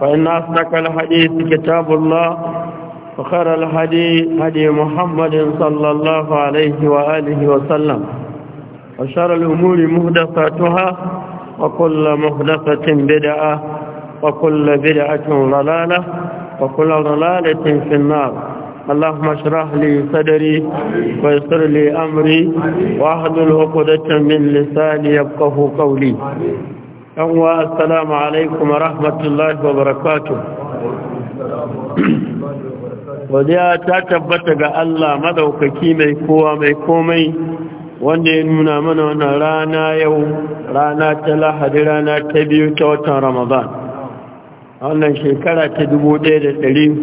فإن أصدق الحديث كتاب الله وخير الحديث هدي محمد صلى الله عليه وآله وسلم وشر الأمور مهدفاتها وكل مهدفة بدعة وكل بدعة ضلالة وكل ضلالة في النار اللهم اشرح لي صدري ويسر لي أمري وأهدل عقدة من لساني يفقه قولي yanwa assalamu alaikum wa rahmatullahi wa barakatun wadda ta tabbata ga Allah madaukaki mai kowa mai komai wanda ya nuna mana wannan rana yau rana ta lahadi rana ta biyu ta watan ramadan wannan shekara ta 1446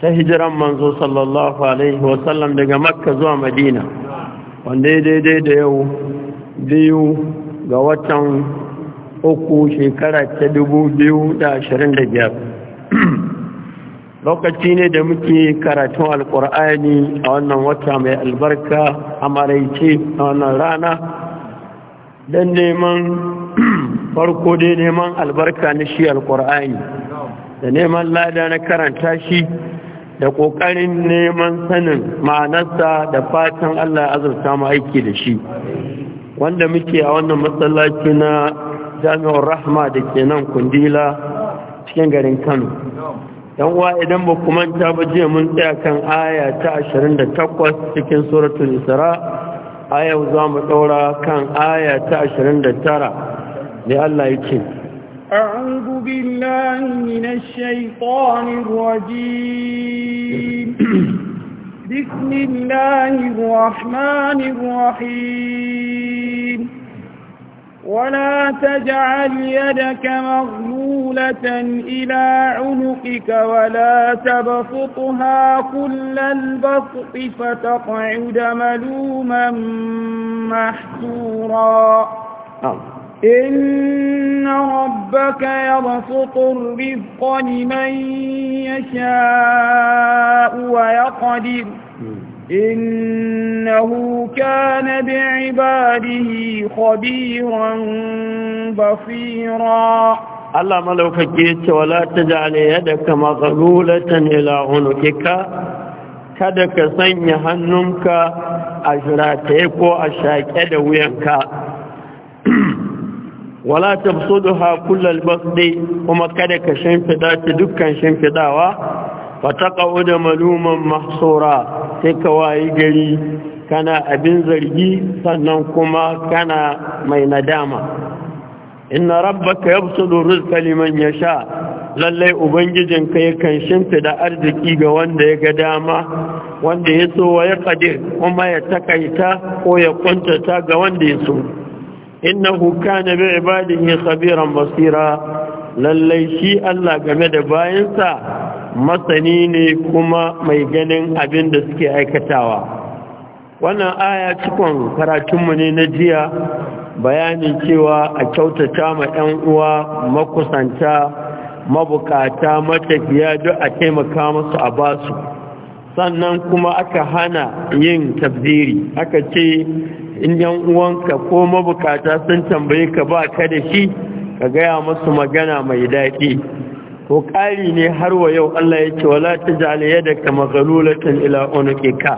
ta hijiran manzo sallallahu alaihi wasallam daga makka zuwa madina wanda ya daidai da yau biyu ga watan uku shekara ta dubu biyu da ashirin da biyar lokaci ne da muke karatun alkur'ani a wannan wata mai albarka a maraice a wannan rana don neman farko dai neman albarka na shi alkur'ani da neman lada na karanta shi da ƙoƙarin neman sanin ma'anarsa da fatan allah azurta mu aiki da shi wanda muke a wannan matsalaci na jami'ar rahma da ke nan kundila cikin garin kano yan wa idan ba kuma ta jiya mun tsaya kan aya ta 28 cikin suratul isra a yau za mu ɗaura kan aya ta 29 da allah ya ce أعوذ بالله من الشيطان الرجيم بسم الله الرحمن الرحيم ولا تجعل يدك مغلولة إلى عنقك ولا تبسطها كل البسط فتقعد ملوما محسورا نعم. إن ربك يبسط الرزق لمن يشاء ويقدر إنه كان بعباده خبيرا بصيرا الله ملوك جيت ولا تجعل يدك مغلولة إلى عنقك kada ka sanya hannunka a shirataye ko a shaƙe da wuyanka wala tabsudha kullal basdi kuma kada ka shimfida ta dukkan shimfidawa fa taqauda maluman mahsura sai ka wayi gari kana abin zargi sannan kuma kana mai nadama inna rabbaka yabsudu rizqa liman yasha lalle ka yakan shimfida arziki ga wanda ya ga dama wanda ya so wa ya qadir kuma ya takaita ko ya kuntata ga wanda ya so innahu kana bi ibadihi khabiran basira lallai shi Allah game da bayansa masani ne kuma mai ganin abin da suke aikatawa wannan aya cikon karatunmu ne na jiya bayanin cewa a kyautata ma 'yan uwa makusanta mabukata matafiya duk a taimaka musu a basu sannan kuma aka hana yin tafsiri aka ce in yan uwanka ko mabukata sun tambaye ka ba ka da shi ka gaya musu magana mai daɗi ko ƙari ne har wa yau Allah ya ce wala ta jaliya da ka magalulatan ila ka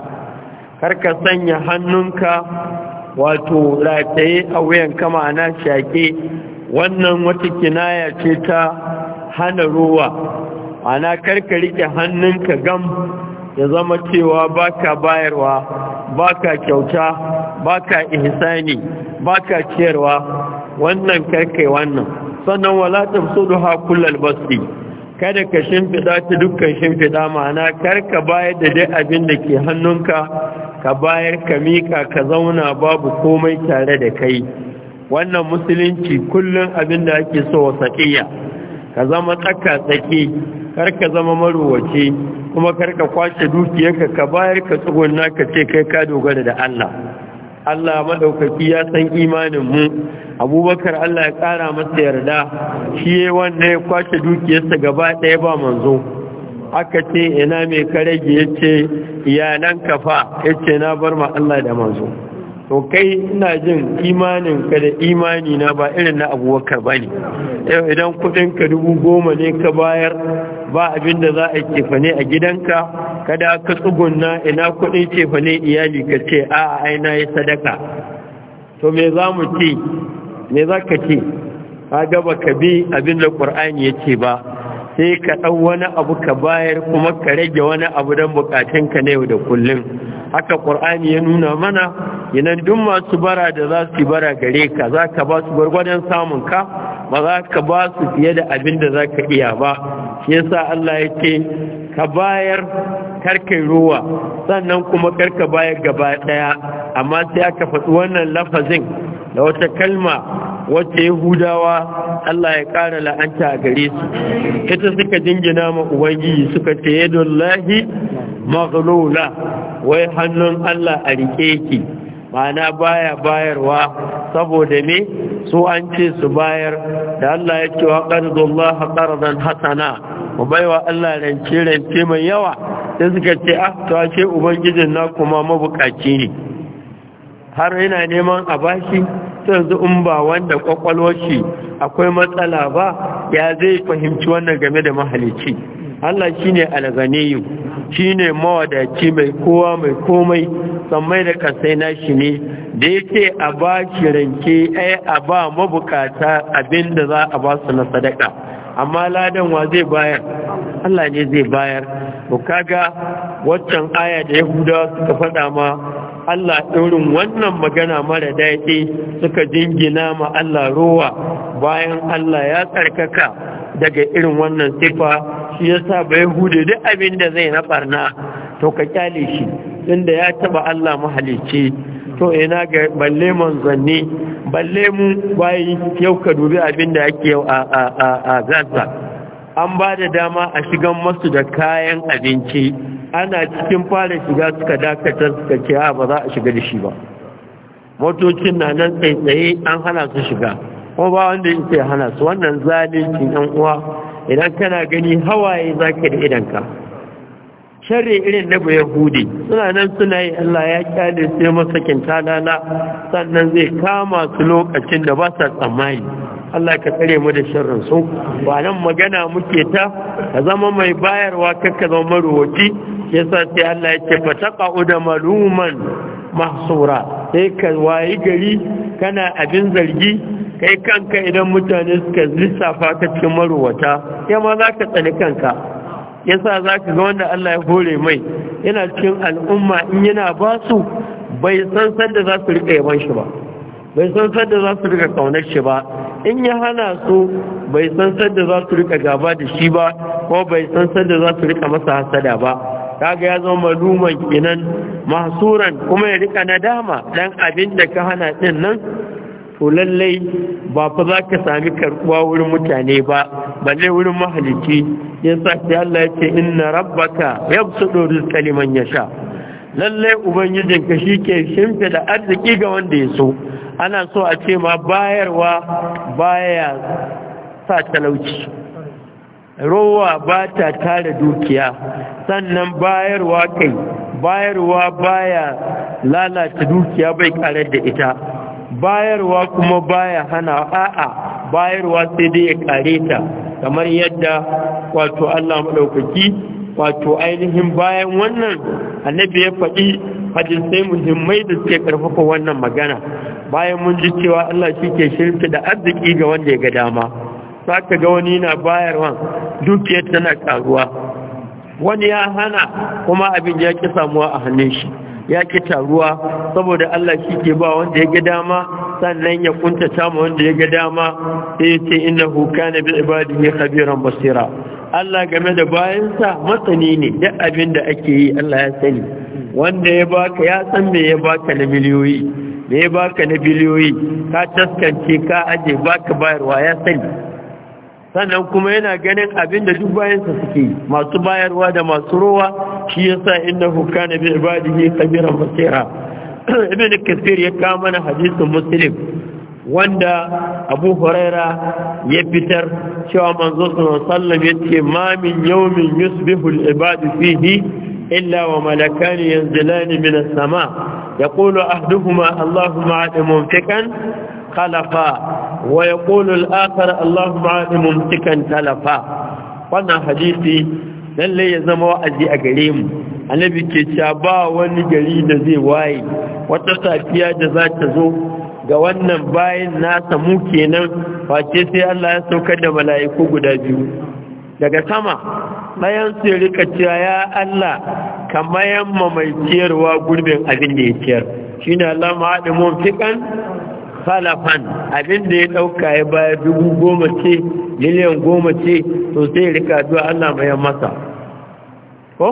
kar ka sanya hannunka wato rataye a wuyan kama ana shaƙe wannan wata kinaya ce ta hana ruwa ana karka riƙe hannunka gam ya zama cewa ba ka bayarwa ba ka kyauta ba baka ihsani ka ciyarwa wannan karkai wannan sannan wala duha kullal basti kada ka shimfiɗa ta dukkan shimfiɗa ma'ana karka bayar da dai abin da ke hannunka ka bayar ka mika ka zauna babu komai tare da kai wannan musulunci kullum abin da ake so wa tsakiya ka zama tsaka tsaki kar ka zama maruwace. kuma karka kwace dukiyarka ka bayar ka tsugunna ka ce kai ka dogara da Allah Allah madaukaki ya san imanin mu Abubakar Allah ya kara masa yarda shi ne wanda ya kwace dukiyarsa gaba ɗaya ba manzo aka ce ina mai karege yace iyalan kafa yace na bar ma Allah da manzo to kai ina jin imanin ka da imani na ba irin na abubakar ba ne idan kudin ka dubu goma ne ka bayar ba abin da za a kefane a gidanka kada ka tsugunna ina kudin kefane iyali ka ce a aina ya sadaka to me za mu ce me za ka ce ka gaba ka bi abin da ƙur'ani ya ce ba sai ka ɗau wani abu ka bayar kuma ka rage wani abu don bukatunka na yau da kullum haka ƙur'ani ya nuna mana inan duk masu bara da za su bara gare ka za ka ba su gwargwadon samun ka ba za ka ba su fiye da abin da za ka iya ba shi yasa Allah ya ce ka bayar karkai ruwa sannan kuma karka bayar gaba ɗaya amma sai aka faɗi wannan lafazin da wata kalma wacce yahudawa Allah ya ƙara la'anta a gare su ita suka jingina ma ubangiji suka ce lahi maglola wai hannun Allah a rike ki ma'ana baya bayarwa saboda me su an ce su bayar da Allah ya ce wa qardullaha qardan hasana mu baiwa Allah rance rance mai yawa sai suka ce ah to a ce ubangijin na kuma mabukaci ne har yana neman a bashi to yanzu in ba wanda kwakwalwar shi akwai matsala ba ya zai fahimci wannan game da mahalicci Allah shi shine alganiyu ne mawadaci mai kowa mai komai sammai da kasai nashi ne da ya yake a ba shi ranke ai a ba mabukata abinda za a ba su na sadaka amma ladan wa zai bayar Allah ne zai bayar to kaga waccan aya da Yahudawa suka faɗa ma Allah ɗorin wannan magana mara daɗi suka jingina ma Allah ruwa bayan Allah ya tsarkaka daga irin wannan sifa shi ya sa bai hude duk abin da zai na barna to ka kyale shi inda ya taɓa Allah mahalicci to ina ga balle manzanni balle mu bayi yau ka dubi abin da ake yau a Gaza an ba da dama a shigan masu da kayan abinci ana cikin fara shiga suka dakatar suka ce ba za a shiga da shi ba motocin na nan tsaye an hana su shiga ko ba wanda yake hana su wannan zaluncin yan uwa idan kana gani hawaye za zaka da ka. sharri irin na yahudi suna nan suna yi Allah ya kyale sai masakin kintana na sannan zai kama su lokacin da ba sa tsammani Allah ka tsare mu da shirin su ba nan magana muke ta ka zama mai bayarwa kakka zama Ya sa sai Allah ya ce fataka da maluman mahsura sai ka wayi gari kana abin zargi kai kanka idan mutane suka lissafa ka cikin maruwata ya ma za ka tsani kanka Ya sa za ka ga wanda Allah ya hore mai yana cikin al'umma in yana ba su bai san sanda za su riƙa yaban shi ba bai san sanda za su riƙa ƙaunar shi ba in ya hana su bai san sanda za su rika gaba da shi ba ko bai san sanda za su rika masa hasada ba ga ya zama maluman kinan mahsuran kuma ya rika nadama dan abin da ka hana din nan to lallai ba fa za ka sami karbuwa wurin mutane ba balle wurin mahalici yasa sai Allah ya ce inna rabbaka yabsudu rizqa liman yasha lallai ka shi ke shimfe da arziki ga wanda ya so ana so a ce ma bayarwa baya sa talauci rowa ba ta tara dukiya sannan bayarwa kai bayarwa baya lalata dukiya bai kare da ita bayarwa kuma baya hana a'a bayarwa sai dai ya kare ta kamar yadda wato Allah maɗaukaki wato ainihin bayan wannan annabi ya faɗi sai muhimmai da suke karfafa wannan magana bayan mun ji cewa Allah shi ke shirka da arziki ga wanda ya ga dama saka ka ga wani na bayarwa dukiyar tana karuwa wani ya hana kuma abin ya ki samuwa a hannun shi ya ki taruwa saboda Allah shi ke ba wanda ya ga dama sannan ya kuntata ma wanda ya ga dama sai ya ce innahu kana bi ibadihi khabiran basira Allah game da bayansa matsani ne duk abin da ake yi Allah ya sani wanda ya baka ya san me ya baka na miliyoyi me ya baka na biliyoyi ka taskance ka aje baka bayarwa ya sani sannan kuma yana ganin abin da duk bayansa suke yi, masu bayarwa da masu rowa shi yasa innahu kana bi ibadihi kabiran basira ibn kathir ya kama mana hadisin muslim wanda abu huraira ya fitar cewa manzo sallam ya ce ma min yawmin yusbihu al ibad fihi illa wa malakan yanzilan min as-sama yaqulu ahduhuma allahumma ati mumtikan khalafa wa yaqulu al-akhar allahumma ati mumtikan khalafa wannan hadisi lalle ya zama wa'azi a gare mu annabi ke cewa ba wani gari da zai waye wata safiya da za ta zo ga wannan bayan nasa mu kenan face sai Allah ya saukar da mala'iku guda biyu daga sama bayan su rika cewa ya Allah ka mayan mai ciyarwa gurbin abin da ya ciyar shine Allah mu fikan falafan. abin da ya ɗauka ya baya dubu goma ce miliyan goma ce to sai rika zuwa Allah mai masa ko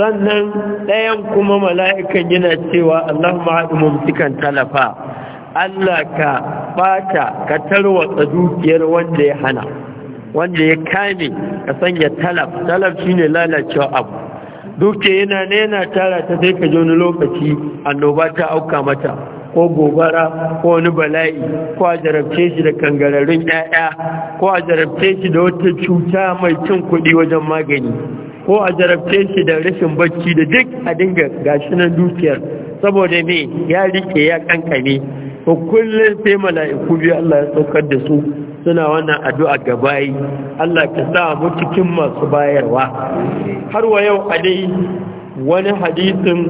sannan ɗayan kuma mala'ikan yana cewa allah haɗu mumtukan talafa Allah ka ɓata ka tarwatsa dukiyar wanda ya hana wanda ya kame ka sanya talaf talaf shine lalacewa abu Duke yana ne yana tara ta sai ka wani lokaci annoba ta auka mata ko gobara ko wani bala'i ko a jarabce shi da kangararrun 'ya'ya ko a jarabce shi da wata cuta mai cin kuɗi wajen magani ko a jarabce shi da rashin bacci da duk a dinga gashi dukiyar saboda me ya rike ya kankame ko kullum sai mala'iku biyu Allah ya saukar da su suna wannan addu'a ga bayi Allah ka sa mu cikin masu bayarwa har wa yau a dai wani hadisin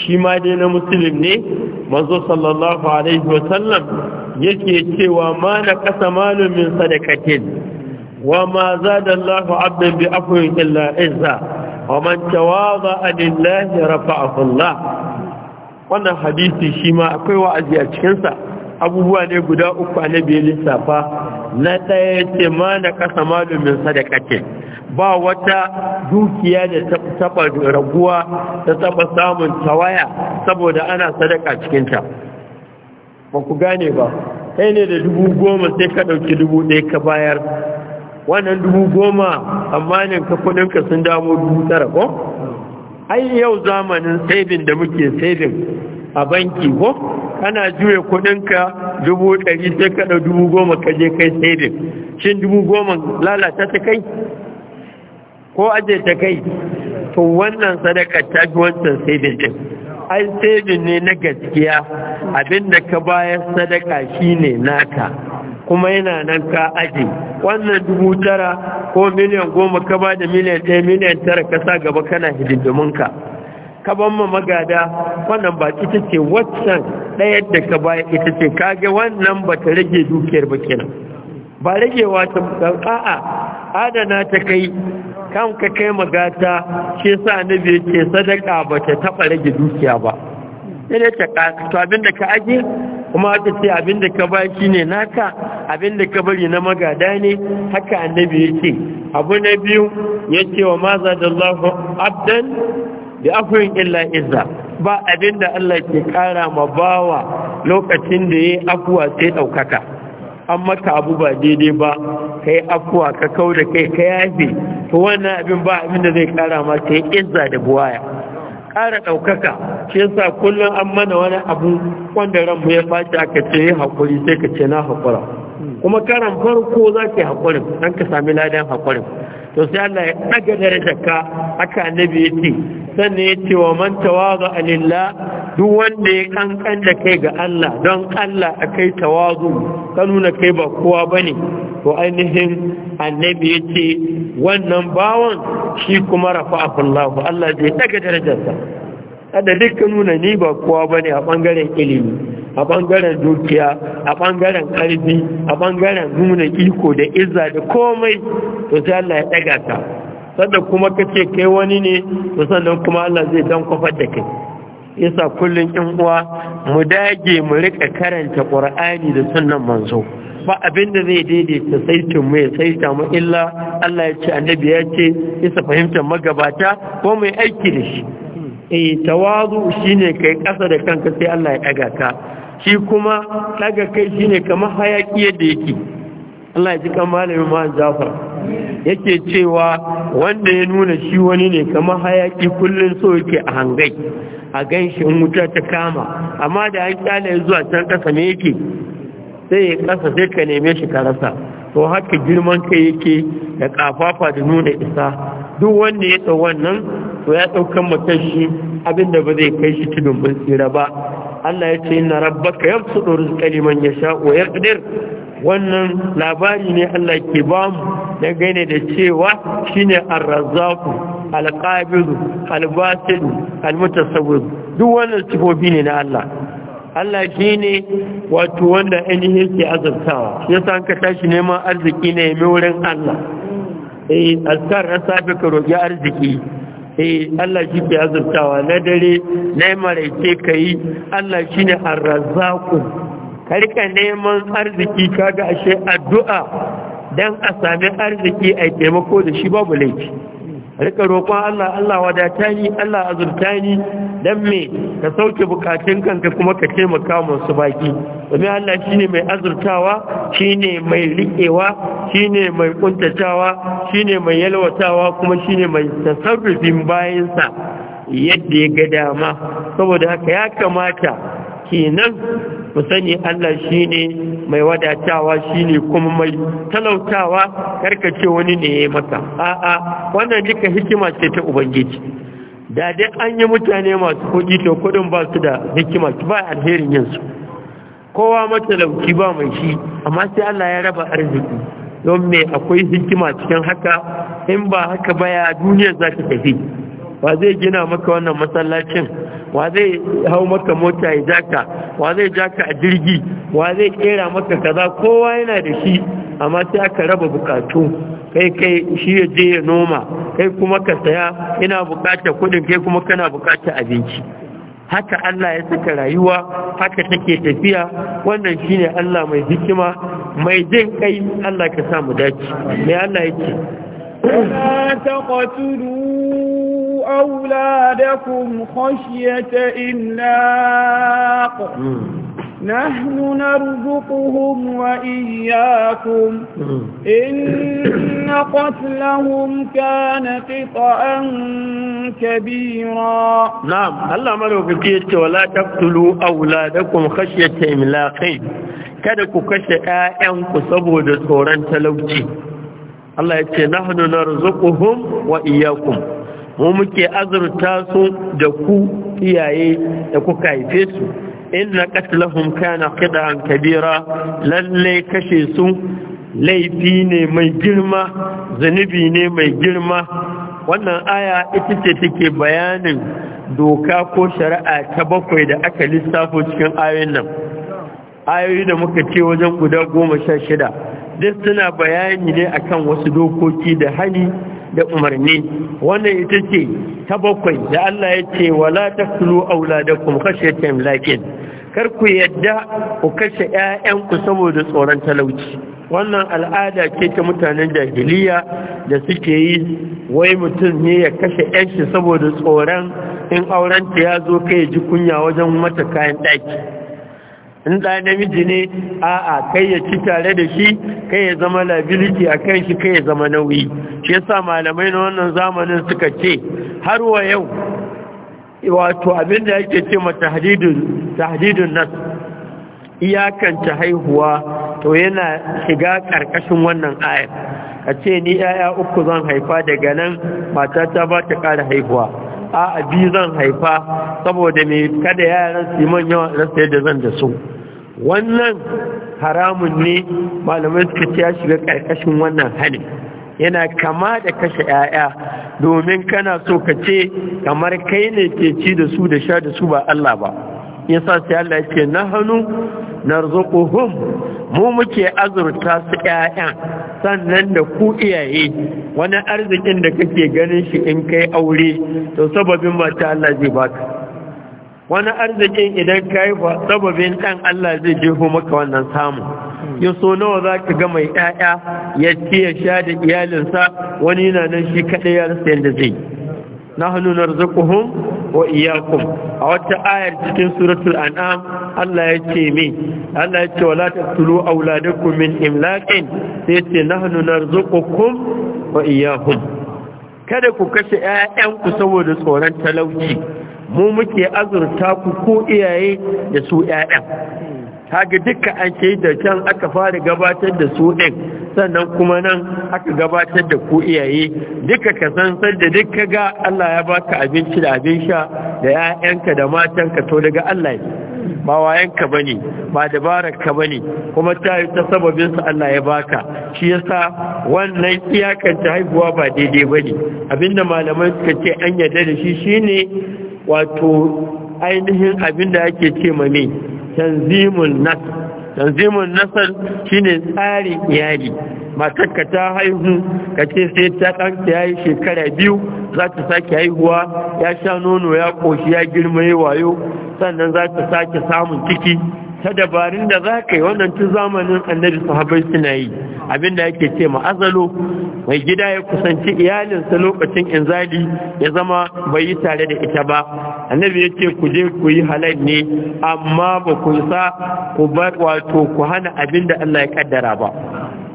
shi ma dai na musulun ne manzo sallallahu alaihi sallam yake cewa ma na kasa malumin sadakatin وما زاد الله عبدا بعفو إلا عزة ومن تواضع لله رفعه الله wannan hadisi shi ma akwai wa'azi a cikinsa abubuwa ne guda uku annabi ya lissafa na ɗaya ya ce ma na ƙasa malumin ce. ba wata dukiya da ta taba raguwa ta taɓa samun tawaya saboda ana sadaka cikinta ba ku gane ba kai ne da dubu goma sai ka ɗauki dubu ɗaya ka bayar wannan dubu goma amma ne ka kudinka sun dawo dubu tara ko ai yau zamanin saving da muke saving a banki ko kana juya kudinka dubu ɗari sai ka dubu goma ka je kai saving shin dubu goma lalata ta kai ko aje ta kai to wannan sadaka ta ji wancan saving din ai saving ne na gaskiya abinda ka bayar sadaka shine naka kuma yana nan ka aji wannan dubu tara ko miliyan goma ka ba da miliyan ɗaya miliyan tara ka sa gaba kana hidindiminka ka ban ma magada wannan ba ita ce waccan ɗaya da ka baya ita ce kage wannan ba ta rage dukiyar ba kenan ba ragewa ta a'a adana ta kai kan ka kai magata shi sa annabi yake sadaka ba ta taɓa rage dukiya ba sai ta ƙasa to da ka aje kuma aka ce abin da ka ba shi ne naka da ka bari na magada ne haka annabi ya ce abu na biyu ya ce wa maza da Allah abdan da afurin illa izza ba abin da Allah ke kara ma bawa lokacin da ya yi afuwa sai ɗaukaka an maka abu ba daidai ba ka yi afuwa ka kau da kai ka yafe to wannan abin ba abin da zai ƙara ma sai izza da buwaya kara ɗaukaka shi yasa kullum an mana wani abu wanda mu ya ɓaci aka ce yi haƙuri sai ka ce na haƙura kuma karan farko za ka yi haƙurin don ka sami ladan haƙurin to sai Allah ya daga darajarka aka annabi yace sannan yace wa man tawaga lillah duk wanda ya kankan da kai ga Allah don Allah akai tawazu ka nuna kai ba kowa bane to ainihin annabi yace wannan bawon shi kuma rafa'ahu Allah Allah zai daga darajarsa da dukkan nuna ni ba kowa ba ne a ɓangaren ilimi a ɓangaren dukiya a ɓangaren ƙarfi a ɓangaren nuna iko da izza da komai to sai Allah ya ɗaga ta sannan kuma ka ce kai wani ne to sannan kuma Allah zai dan kwafar da kai yasa kullum in uwa mu dage mu rika karanta ƙur'ani da sunnan manzo ba abin da zai daidaita saitin mu ya saita mu illa Allah ya ce annabi ya ce yasa fahimtar magabata ko mai aiki da shi eh tawazu shine kai ƙasa da kanka sai Allah ya ɗaga ka shi kuma ɗaga kai shine kamar hayaki yadda yake Allah ya ji kan malamin Mahan Jafar yake cewa wanda ya nuna shi wani ne kamar hayaki kullun so yake a hangai a ganshi in wuta ta kama amma da an kyale zuwa can kasa ne yake sai ya ƙasa sai ka neme shi ka rasa to haka girman kai yake da ƙafafa da nuna isa duk wanda ya tsawon nan? to ya ɗaukan mutan abinda ba zai kai shi tudun bin tsira ba Allah ya ce inna rabbaka yabsutu rizqa liman yasha wa yaqdir wannan labari ne Allah ke ba mu na gane da cewa shine ar-razzaq al-qabid al-basit al-mutasawwir duk wannan sifofi ne na Allah Allah shine wato wanda ainihin ke azabtawa yasa an ka tashi neman arziki ne mai wurin Allah eh azkar na safe ka roƙi arziki eh Allah shi ke azurtawa na dare na yi maraice ka yi Allah shi ne a ka rika neman arziki kaga ashe addu'a don a sami arziki a taimako da shi babu laifi rika roƙon Allah Allah wadata ni Allah azurta ni dan me ka sauke bukatun kanka kuma ka taimaka musu baki domin Allah shine mai azurtawa shine mai riƙewa shine mai kuntatawa shine mai yalwatawa kuma shine mai tasarrufin bayansa yadda ya ga dama saboda haka ya kamata kenan musani sani Allah shine mai wadatawa shine kuma mai talautawa karka ce wani ne ya yi maka a'a wannan duka hikima ce ta ubangiji da dai an yi mutane masu kuɗi to kuɗin ba su da hikima su ba alherin yin su kowa matalauci ba mai shi amma sai Allah ya raba arziki don me akwai hikima cikin haka in ba haka baya duniyar za ta tafi wa zai gina maka wannan masallacin wa zai hau maka mota ya jaka wa zai jaka a jirgi wa zai kera maka kaza kowa yana da shi amma sai aka raba bukatu kai kai shi ya je ya noma kai kuma ka saya ina bukatar kudin kai kuma kana bukatar abinci haka Allah ya saka rayuwa haka take tafiya wannan shine Allah mai hikima mai jin kai Allah ka samu dace mai Allah yake la taqtulu أولادكم خشية إملاق نحن نرزقهم وإياكم إن قتلهم كان قطعا كبيرا نعم الله ملوك كيت ولا تقتلوا أولادكم خشية إملاقين kada ku kashe ‘ya'yanku saboda tsoron talauci Allah ya ce nahnu narzuquhum wa iyyakum mu muke azurta su da ku iyaye da kuka haife su inna qatlahum kana qida'an kabira lalle kashe su laifi ne mai girma zanubi ne mai girma wannan aya ita ce take bayanin doka ko shari'a ta bakwai da aka lissafo cikin ayoyin nan ayoyi da muka ce wajen guda goma sha shida duk suna bayani ne akan wasu dokoki da hani da umarni wannan ita ce ta bakwai da Allah ya ce wala taklu auladakum khashyata imlakin kar ku yadda ku kashe ƴaƴanku saboda tsoron talauci wannan al'ada ce ta mutanen jahiliya da suke yi wai mutum ne ya kashe ƴanshi saboda tsoron in aurenta ya zo kai ji kunya wajen mata kayan ɗaki in ɗa namiji ne a'a kai ya ci tare da shi kai ya zama liability a kan shi kai ya zama nauyi shi yasa malamai na wannan zamanin suka ce har wa yau wato abin da yake ce ma tahdidun nas iyakanta haihuwa to yana shiga ƙarƙashin wannan ayar a ce ni 'ya'ya uku zan haifa daga nan matata ba ta ƙara haihuwa a abi zan haifa saboda mai kada yaran su man yawan rasa da zan da su wannan haramun ne malamai suka ce ya shiga ƙarƙashin wannan hali yana kama da kashe 'ya'ya domin kana so ka ce kamar kai ne ke ci da su da sha da su ba Allah ba yasa sai Allah ya ce nahnu narzuquhum mu muke azurta su ƴaƴan sannan da ku iyaye wani arzikin da kake ganin shi in kai aure to sababin ta Allah zai baka wani arzikin idan ka ba sababin ɗan Allah zai jefo maka wannan samu ya so nawa za ka ga mai ƴaƴa ya ce ya sha da iyalinsa wani yana nan shi kaɗai ya rasa yadda zai nahnu narzuquhum wa iyyakum a wata ayar cikin suratul an'am Allah yace me Allah yace wala taqtulu auladakum min imlaqin sai yace nahnu narzuquhum wa iyyakum kada ku kashe 'ya'yanku saboda tsoron talauci mu muke azurta ku ko iyaye da su ƴaƴan haka duka an ke da can aka fara gabatar da su ɗin sannan kuma nan aka gabatar da ku iyaye duka ka san da duka ga Allah ya baka abinci da abin sha da 'ya'yanka da matanka to daga Allah ne ba wayanka bane ba dabararka ba ne kuma ta yi ta sababinsa Allah ya baka shi yasa wannan iyakanta haihuwa ba daidai ba ne abinda malamai suka ce an yarda da shi shine wato ainihin abinda ake ce ma mame tanzimun nasar tanzimun nasl shine tsarin iyali matarka ta haihu kace sai ta kanta yayi shekara biyu za ta sake haihuwa ya sha nono ya koshi ya girma ya wayo sannan za ta sake samun ciki ta dabarun da za ka yi wannan tun zamanin annabi sahabai suna yi abinda yake ce ma'azalo mai gida ya kusanci iyalinsa lokacin inzali ya zama bai yi tare da ita ba annabi ya ce ku je ku yi halal ne amma ba ku sa ku bar wato ku hana abinda Allah ya kaddara ba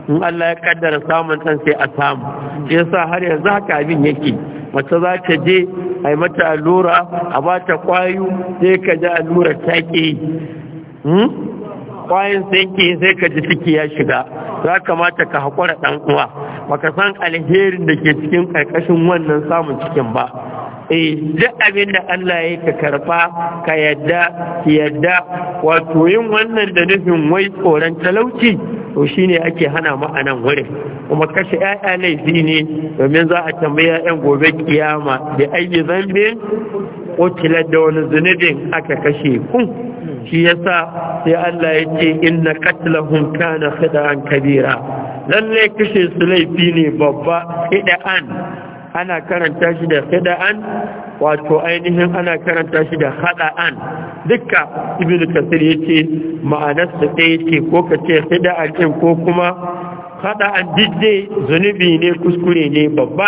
in Allah ya kaddara samun san sai a samu Ya sa har yanzu haka abin yake mace za ta je a yi mata allura a ba ta kwayo sai ka ji allura ta ke kwayan hmm? sai sai ka ji ciki ya shiga za kamata ka haƙura ɗan uwa baka san alherin da ke cikin ƙarƙashin wannan samun cikin ba eh duk abin da Allah ya ka karfa, ka yadda yadda wato yin wannan da nufin wai tsoron talauci to shine ake hana mu anan wurin kuma kashe ƴaƴa laifi ne domin za a tambayi yayan gobe kiyama da aiki zambin tilar da wani zunubin aka kashe kun shi yasa sai Allah ya ce inna qatlahum kana khida'an kabira lalle kashe su laifi ne babba khida'an ana karanta shi da khida'an wato ainihin ana karanta shi da khada'an dukka ibn kasir yace ma'anar su ɗaya ce ko ka ce khida'an din ko kuma khada'an didde zunubi ne kuskure ne babba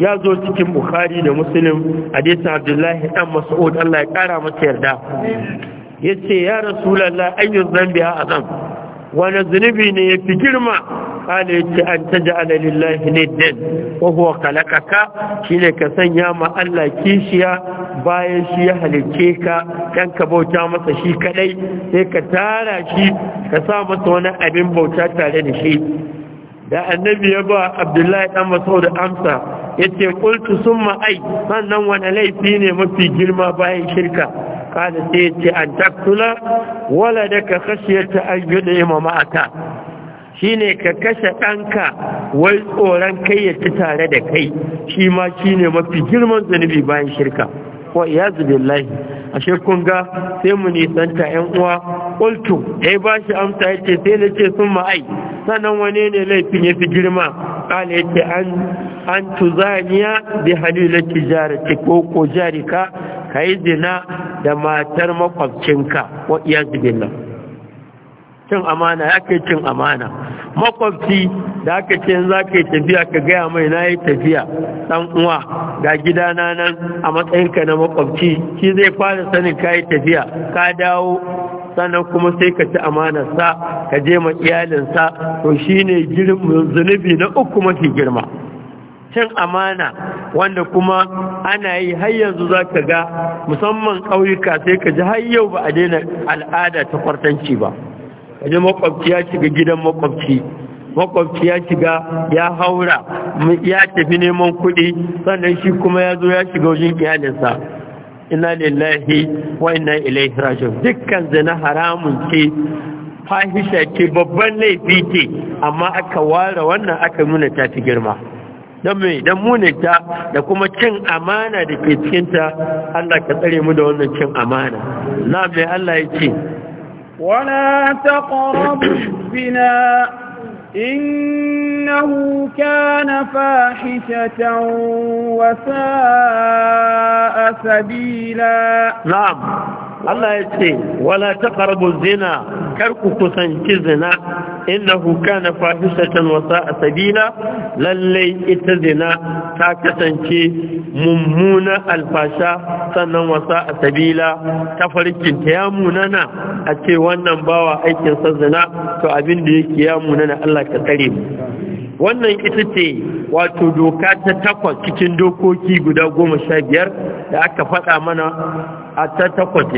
ya zo cikin bukhari da muslim hadisin abdullahi dan mas'ud Allah ya kara masa yarda yace ya rasulullah ayyu dhanbi a'zam wani zunubi ne ya fi girma قال أن تجعل لله ندا وهو shine ka sanya ma allah kishiya bayan shi ya halicce ka kan ka bauta masa shi kadai sai ka tara shi ka sa masa wani abin bauta tare da shi da annabi ya ba abdullahi dan masauda amsa ya ce kultu sun sannan wani laifi ne mafi girma bayan shirka kada sai ya ce an taktula wala da ka khashiyar ta shine ka kashe ɗanka wai tsoron kai ya ci tare da kai shi ma shi ne mafi girman zunubi bayan shirka wa iyazu ashe kun ga sai mu nisanta yan uwa qultu ya ba shi amsa ce sai na ce sun ma'ai sanan wane ne laifin ya fi girma kala ya an an tuzaniya bi halilati jarati ko ko jarika yi zina da matar makwabcinka wa iyazu cin amana ya ke cin amana makwabci da aka ce za ka yi tafiya ka gaya mai na yi tafiya ɗan uwa ga gidana nan a matsayinka na makwabci shi zai fara sanin ka yi tafiya ka dawo sannan kuma sai ka ci amanarsa ka je ma iyalinsa to shine zunubi na uku mafi girma cin amana wanda kuma ana yi har yanzu za ka ga musamman ƙauyuka sai ka ji har yau ba a daina al'ada ta kwartanci ba kaji makwabci ya shiga gidan makwabci makwabci ya shiga ya haura ya tafi neman kuɗi sannan shi kuma ya zo ya shiga wajen iyalinsa ina lillahi wa ina ilaihi rajiun dukkan zina haramun ce fahisha ce babban laifi ce amma aka ware wannan aka nuna ta fi girma don mai don ta da kuma cin amana da ke cikinta Allah ka tsare mu da wannan cin amana na mai Allah ya ce ولا تقربوا الزنا إنه كان فاحشة وساء سبيلا نعم Allah ya ce wala taqrabu zina kar ku kusanci zina innahu kana fahishatan wasa a sabila lallai ita zina ta kasance mummuna alfasha sannan wasa a sabila ta farkin ta ya munana a ce wannan bawa aikin zina to abin da yake ya munana Allah ka tsare mu wannan ita ce wato doka ta takwas cikin dokoki guda goma sha biyar da aka faɗa mana a ta takwas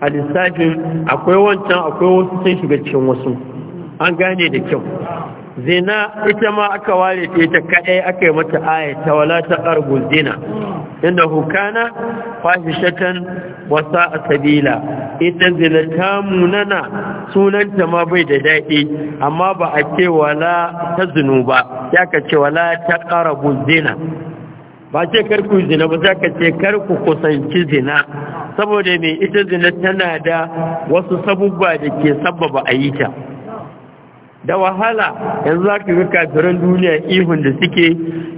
a lissafin akwai wancan akwai wasu sun shiga cikin wasu an gane da kyau zina ita ma aka ware ta ita kaɗai aka yi mata ayata wala ta ƙargun zina inda hukana fahishatan wasa a sabila ita zina ta munana sunanta ma bai da daɗi amma ba a ce wala ta zinu ba ya ka ce wala ta ƙargun zina ba ce karku zina ba za ka ce karku kusanci zina saboda mai ita zina tana da wasu sabubba da ke sababa a yi ta da wahala yanzu za ka ga kafiran duniya ihun da suke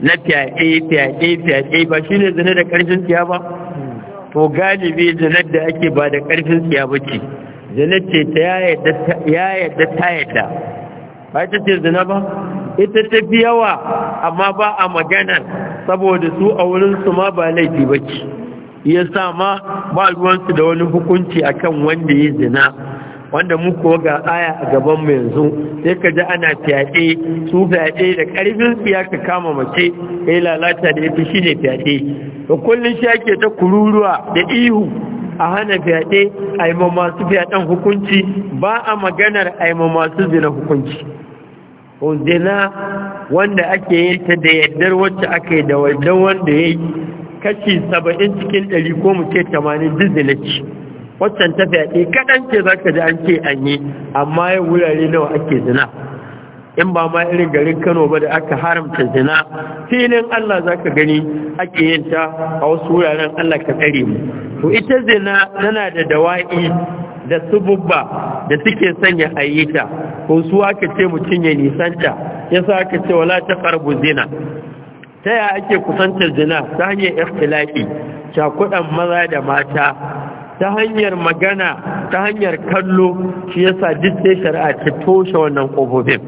na fyaɗe fyaɗe fyaɗe ba shi ne zane da ƙarfin siya ba to galibi zane da ake ba da ƙarfin siya ba ce zane ce ta ya yadda ta yadda ba ita ce zane ba ita ta fi yawa amma ba a magana saboda su a wurinsu ma ba laifi ba ce ya sa ma ba ruwansu da wani hukunci akan wanda ya zina wanda mu ko ga aya a gaban mu yanzu sai ka ji ana fyaɗe su fyaɗe da ƙarfin ya ka kama mace kai lalata da yafi shine fyaɗe to kullun shi ake ta kururuwa da ihu a hana fyaɗe a yi masu fyaɗen hukunci ba a maganar a yi masu zina hukunci ko zina wanda ake yi ta da yardar wacce aka da wanda wanda ya kashi saba'in cikin ɗari ko mu ce tamanin duk zina ce waccan ta fyaɗe kaɗan ce za ka ji an ce an yi amma yau wurare nawa ake zina in ba ma irin garin kano ba da aka haramta zina filin allah za ka gani ake yin ta a wasu wuraren allah ka tsare mu to ita zina tana da dawa'i da sububba da suke sanya a yi ta ko su aka ce mutum ya nisanta ya sa aka ce wala ta karbu zina ta ya ake kusantar zina ta hanyar ikhtilafi cakudan maza da mata ta hanyar magana ta hanyar kallo shi yasa duk sai shari'a ta toshe wannan kofofin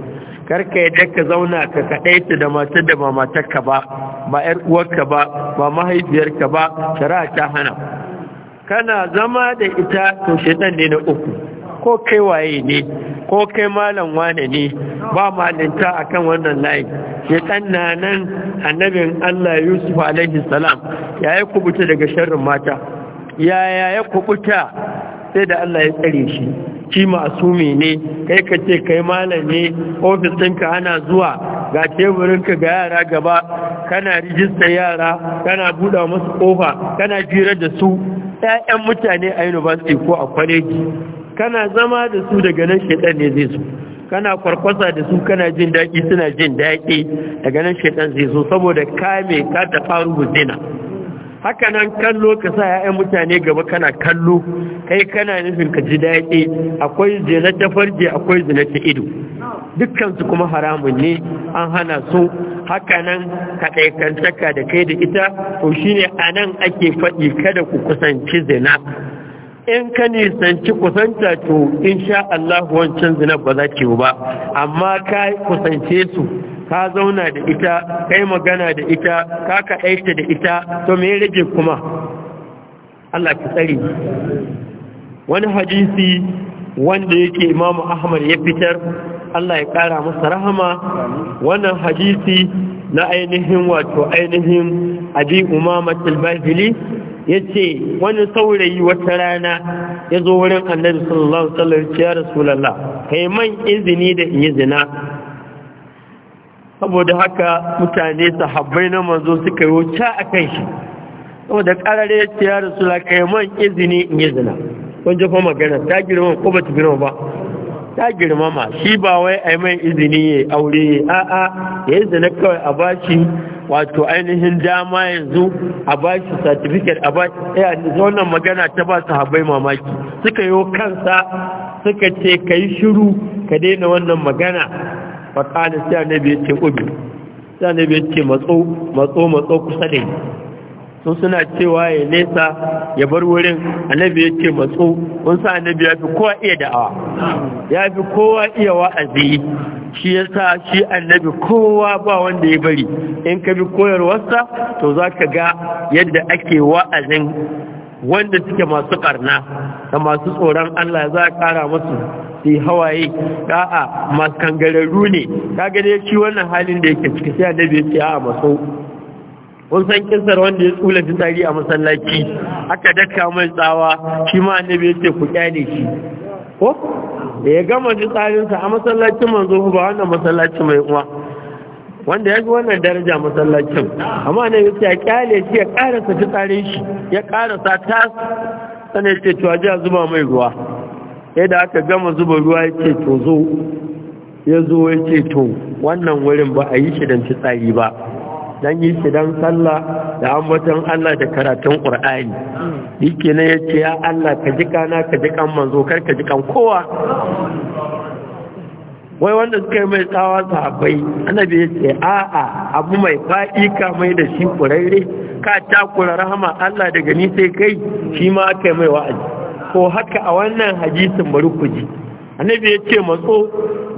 karka yadda ka zauna ka kaɗai ta da matar da ba matarka ba ba ƴar uwarka ba ba mahaifiyarka ba shari'a ta hana kana zama da ita to shaitan ne na uku ko kai waye ne ko kai malam wane ne ba malinta akan wannan layi shaitan na nan annabin Allah Yusuf alaihi salam yayi kubuta daga sharrin mata yaya ya kubuta sai da Allah ya tsare shi shi masumi ne kai ka ce kai malam ne ofis ɗinka ana zuwa ga teburinka ga yara gaba kana rijista yara kana buɗa masu ƙofa kana jira da su ‘ya'yan mutane a university ko a kwaleji kana zama da su daga nan shaidan ne zai zo kana kwarkwasa da su kana jin daɗi suna jin daɗi daga nan shaidan zai zo saboda kame ka ta faru zina haka nan kallo ka sa ya'yan mutane gaba kana kallo kai kana nufin ka ji daɗi akwai zina ta farje akwai zina ta ido dukkansu kuma haramun ne an hana su haka nan ka ɗaikantaka da kai da ita to shine a nan ake faɗi kada ku kusanci zina in ka nisanci kusanta to in sha Allah wancan zina ba za ki ba amma ka kusance su ka zauna da ita kai magana da ita ka kaɗaita da ita to me rage kuma Allah ki tsari wani hadisi wanda yake imamu ahmad ya fitar Allah ya ƙara masa rahama wannan hadisi na ainihin wato ainihin abi umama tilbahili ya ce wani saurayi wata rana ya zo wurin annabi sallallahu alaihi wasallam ya rasulallah kai man izini da in yi zina saboda haka mutane sahabbai na manzo suka yi wuce a kan shi saboda karare ya ce ya rasu la kai man izini in yi zina wani jefa magana ta girma ko ba ta girma ba ta girmama shi ba wai a mai izini ya aure a a ya zina kawai a bashi wato ainihin dama yanzu a bashi certificate a bashi eh, wannan magana ta ba su habai mamaki suka yi kansa suka ce ka yi shiru ka daina wannan magana faƙali sai annabi ya ce ubi sai annabi ya ce matso matso matso kusa da sun suna cewa ya nesa ya bar wurin annabi ya ce matso kun sa annabi ya fi kowa iya da'awa ya fi kowa iya wa'azi shi ya sa shi annabi kowa ba wanda ya bari in ka bi koyarwarsa to za ka ga yadda ake wa'azin wanda suke masu karna da masu tsoron Allah za a kara masu su hawaye da'a masu kangararru ne kaga ya shi wannan halin da yake cikin siya da ya ce a maso kun san kisar wanda ya tsula fitsari a masallaci aka daka mai tsawa shi ma ne bai ce ku kyale shi ko da ya gama tsarinsa a masallacin manzo ba wannan masallacin mai uwa wanda ya fi wannan daraja masallacin amma ne ya kyale shi ya karasa fitsarin shi ya karasa ta sanin ya ce to aje zuba mai ruwa Sai da aka gama zuba ruwa ya ce to zo ya zo ya to wannan wurin ba a yi shi don fitsari ba dan yi shi don sallah da ambaton Allah da karatun Qur'ani yake ne ya ya Allah ka ji kana ka ji kan manzo kar ka ji kan kowa wai wanda suka yi mai tsawa sahabbai annabi ya ce a'a abu mai faɗi ka mai da shi kurare ka kula rahama Allah daga ni sai kai shi ma aka yi mai wa'azi ko haka a wannan hadisin bari ku ji annabi ya ce matso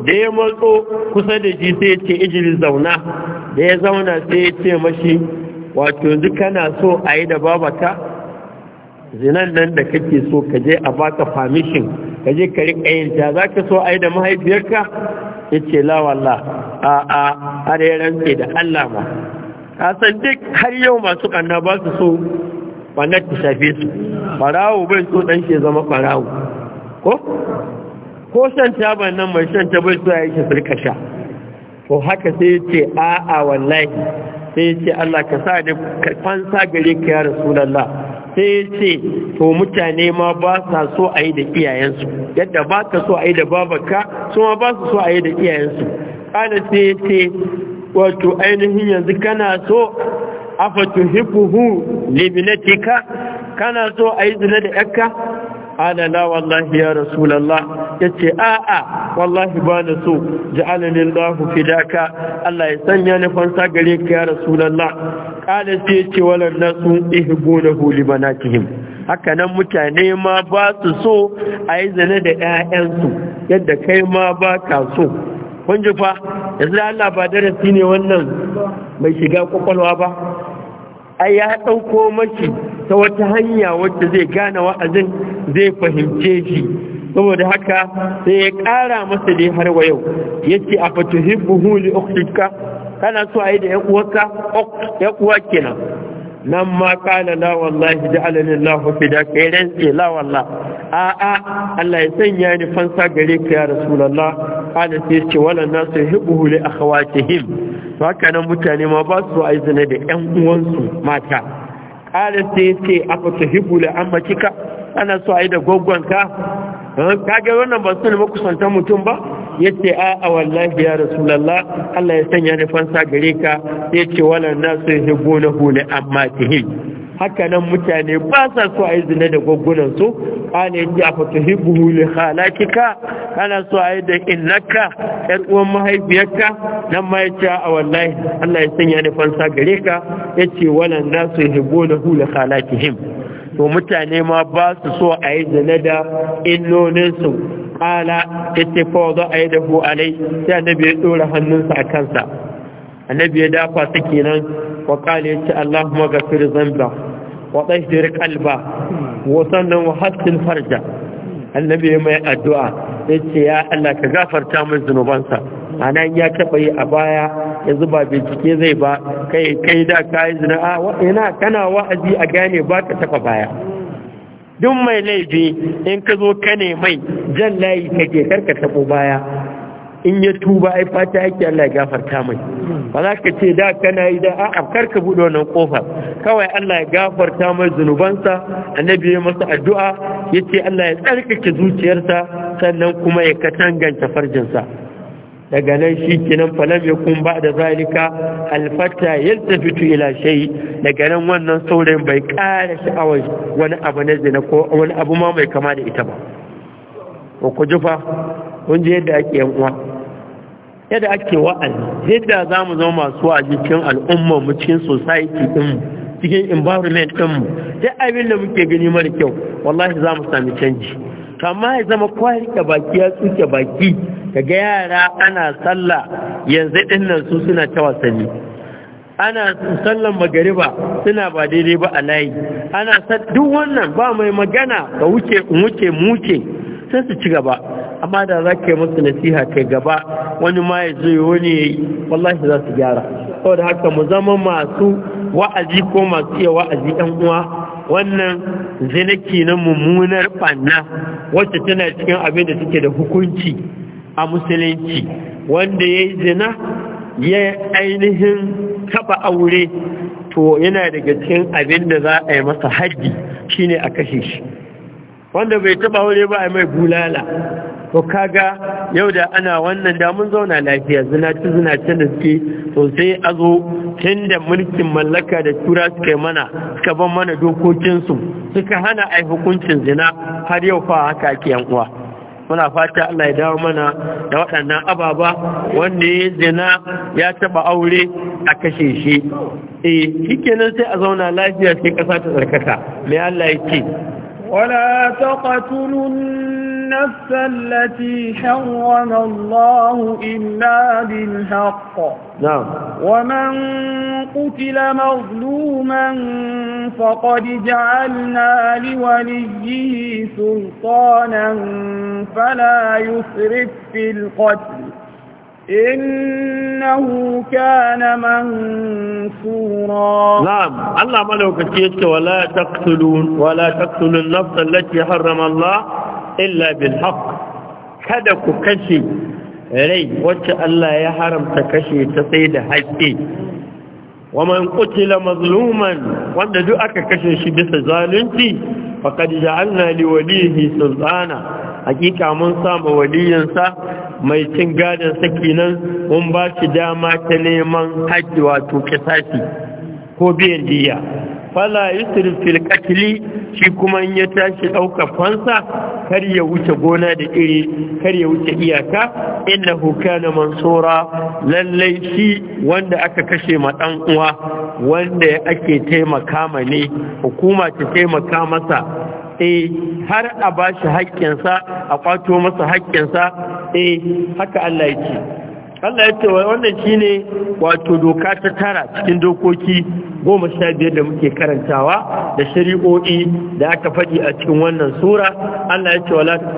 da ya matso kusa da shi sai ya ce ijil zauna da ya zauna sai ya ce mashi wato yanzu kana so a yi da babata zinan nan da kake so ka je a baka permission ka je ka riƙa yin ta za ka so a yi da mahaifiyarka ya ce lawalla a a har ya rantse da Allah ma A san duk har yau masu ƙanna ba su so wannan ta shafe su ɓarawo bai so ɗan shi zama ɓarawo ko ko shan taban nan mai shan ta bai so ya yi shi sulka sha ko haka sai ya ce a a wallahi sai ya ce Allah ka sa ni ka sa gare ka ya rasulallah sai ce to mutane ma ba sa so a yi da iyayensu yadda ba ka so a yi da babaka su ma ba su so a yi da iyayensu Kada sai ce wato ainihin yanzu kana so afatu hifuhu libinatika kana so a yi zina da yakka ana la wallahi ya rasulullah yace a'a wallahi ba na so ja'alani Allahu fidaka Allah ya sanya ni fansa gare ka ya rasulullah qala sai yace walan nasu ihbunahu libanatihim haka nan mutane ma ba su so a yi zane da 'ya'yansu yadda kai ma ba ka so kun ji fa yanzu Allah ba darasi ne wannan mai shiga kwakwalwa ba A ya ɗauko mashi ta wata hanya wacce zai gane wa'azin zai fahimce shi saboda haka sai ya ƙara masa dai har wa yau ya ce a fatuhibbuhu li ka kana so a yi da ‘yan uwarka kenan nan ma kala la wallahi da alalin lahu fi da kai rantse la wallah a a Allah ya sanya ni fansa gare ka ya rasulullah kana sai ce wala nasu hibbu li akhawatihim to haka nan mutane ma ba su a zina da 'yan uwansu mata ƙara sai ce hibu da an amma kika ana so yi da gwaggwanka ga wannan ba su ne makusantan mutum ba ya ce a a wallahi ya rasulallah Allah ya sanya ni fansa gare ka ya ce wala nasu hibu na hule amma tihin haka nan mutane ba sa so a yi zina da gwaggunan su ana yi a fatahi buhuli halakika ana so a yi da innaka yan uwan mahaifiyarka nan ma ya ce a wallahi Allah ya sanya ni fansa gare ka ya ce wannan nasu yuhibbu lahu li halakihim to mutane ma ba su so a yi zina da illolinsu ƙala ita za a yi da alai sai annabi ya ɗora hannunsa a kansa annabi ya dafa su kenan وقال يتي اللهم غفر ذنبه وطهر قلبه وصنن وحسن فرجه annabi mai addu'a yace ya Allah ka gafarta min zunubansa anan ya taba yi a baya yanzu ba bincike zai ba kai kai da kai zina a ina kana wa'azi a gane ba ka taba baya duk mai laifi in ka zo ka ne mai jan layi kake ka taɓo baya in ya tuba ai fata yake Allah ya gafarta mai ba za ka ce da kana yi da a'a kar ka bude wannan kofa kawai Allah ya gafarta mai zunubansa annabi ya masa addu'a yace Allah ya tsarkake zuciyarsa sannan kuma ya katanganta farjinsa daga nan shi kenan falam ya kun ba da zalika alfata yadda fito ila shai daga nan wannan saurayin bai ƙara sha'awar wani abu na zina ko wani abu ma mai kama da ita ba ko ku kun je yadda ake yan uwa yadda ake wa'azi yadda za mu zama masu a cikin al'ummar mu cikin society din cikin environment din mu duk abin da muke gani mara kyau wallahi za mu sami canji kama ya zama kwari ka baki ya tsuke baki kaga yara ana sallah yanzu nan su suna ta wasanni ana sallan magariba suna ba daidai ba a layi ana duk wannan ba mai magana ka wuce wuce muke sai su ci gaba amma da za ka yi musu nasiha kai gaba wani ma ya zo wani wallahi za su gyara saboda haka mu zama masu wa'azi ko masu iya wa'azi yan uwa wannan zinaki na mummunar banna wacce tana cikin abin da suke da hukunci a musulunci wanda ya yi zina ya ainihin taba aure to yana daga cikin abin da za a yi masa haddi shine a kashe shi wanda bai taba aure ba a mai bulala to kaga yau da ana wannan da mun zauna lafiya zinace-zinace da suke to sai a zo tun da mulkin mallaka da tura suka mana suka ban mana dokokinsu suka hana a hukuncin zina har yau fa haka ake yan uwa muna fata Allah ya dawo mana da waɗannan ababa wanda ya zina ya taba aure a kashe shi eh nan sai a zauna lafiya sai kasa ta tsarkaka me Allah yake ولا تقتلوا النفس التي حرم الله إلا بالحق نعم ومن قتل مظلوما فقد جعلنا لوليه سلطانا فلا يسرف في القتل إنه كان منصورا نعم الله ملوك تيتك ولا تقتلون ولا تقتل النفس التي حرم الله إلا بالحق كدك كشي ري وجه الله يا حرم تكشي تسيد حكي ومن قتل مظلوما وان دعك كشي بس ظالمتي فقد جعلنا لوليه سلطانا حقيقة من صام وليا سلطانا mai cin gadon saki nan mun ba shi dama ta neman haƙƙi wato kisasi ko biyan diya fala Yusuf Filkatili shi kuma in ya tashi ɗauka fansa kar ya wuce gona da iri kar ya wuce iyaka innahu na mansura lallai shi wanda aka kashe ma uwa wanda ake taimaka ma ne hukuma ta taimaka masa eh har a ba bashi haƙƙinsa a kwato masa haƙƙinsa eh haka Allah yake Allah ya ce wannan shine wato doka ta tara cikin dokoki goma sha biyar da muke karantawa da shari'o'i da aka faɗi a cikin wannan sura Allah ya ce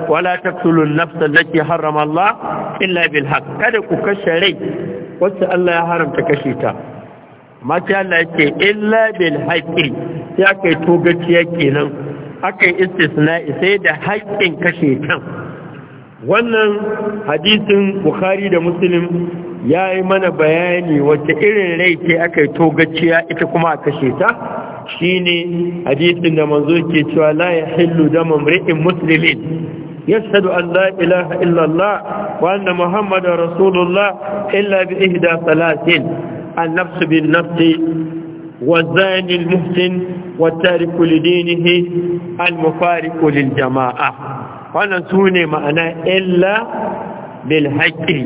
wala taqtulun nafsa allati harrama Allah illa bil haqq kada ku kashe rai wacce Allah ya haramta kashe ta amma sai Allah ya ce illa bil haqq sai aka yi gaciya kenan aka yi istisna'i sai da haƙƙin kashe can wannan hadisin bukhari da muslim ya yi mana bayani wacce irin rai ke aka yi togaciya ita kuma a kashe ta shine hadisin da manzo ke cewa la yahillu damu ri'in muslimin يشهد أن لا إله إلا الله وأن illa رسول الله إلا بإهدى ثلاث النفس بالنفس والزاني المحسن والتارك لدينه المفارق للجماعة wannan su ne ma'ana illa bil haƙƙi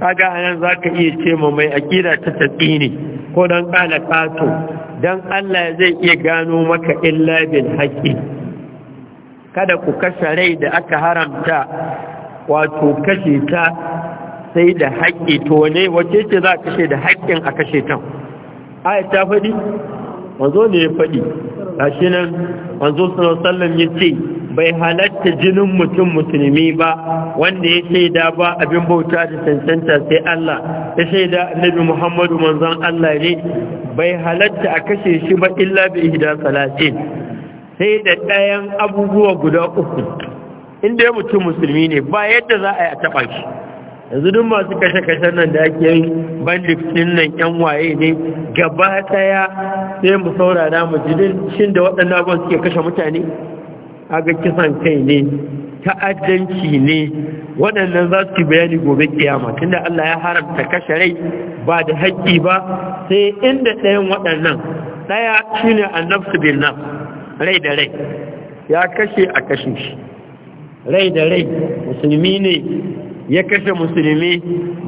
kaga anan za iya ce ma mai aƙira ta tsini ne ko dan kala ƙato dan Allah zai iya gano maka illa bil haƙƙi kada ku kashe rai da aka haramta wato kashe ta sai da haƙƙi to ne wace ce za a kashe da haƙƙin a kashe ta aya ta faɗi Wanzo ne ya faɗi shi nan Wanzo sallallahu ya ce bai halatta jinin mutum musulmi ba wanda ya shaida ba abin bauta da cancanta sai Allah ya shaida annabi Muhammadu manzon Allah ne bai halatta a kashe shi ba illa bi ihda salatin sai da ɗayan abubuwa guda uku inda ya mutum musulmi ne ba yadda za a yi a taɓa shi yanzu duk masu kashe kashe nan da ake yi bandit nan yan waye ne gaba daya sai mu saurara mu ji shin da waɗannan abubuwan suke kashe mutane A ga kisan kai ne ta'addanci ne waɗannan za su bayani gobe kiyama tunda Allah ya haramta kashe rai ba da haƙƙi ba sai inda ɗayan waɗannan ɗaya shine annabtu bin nan rai da rai ya kashe a kashe shi rai da rai musulmi ne ya kashe musulmi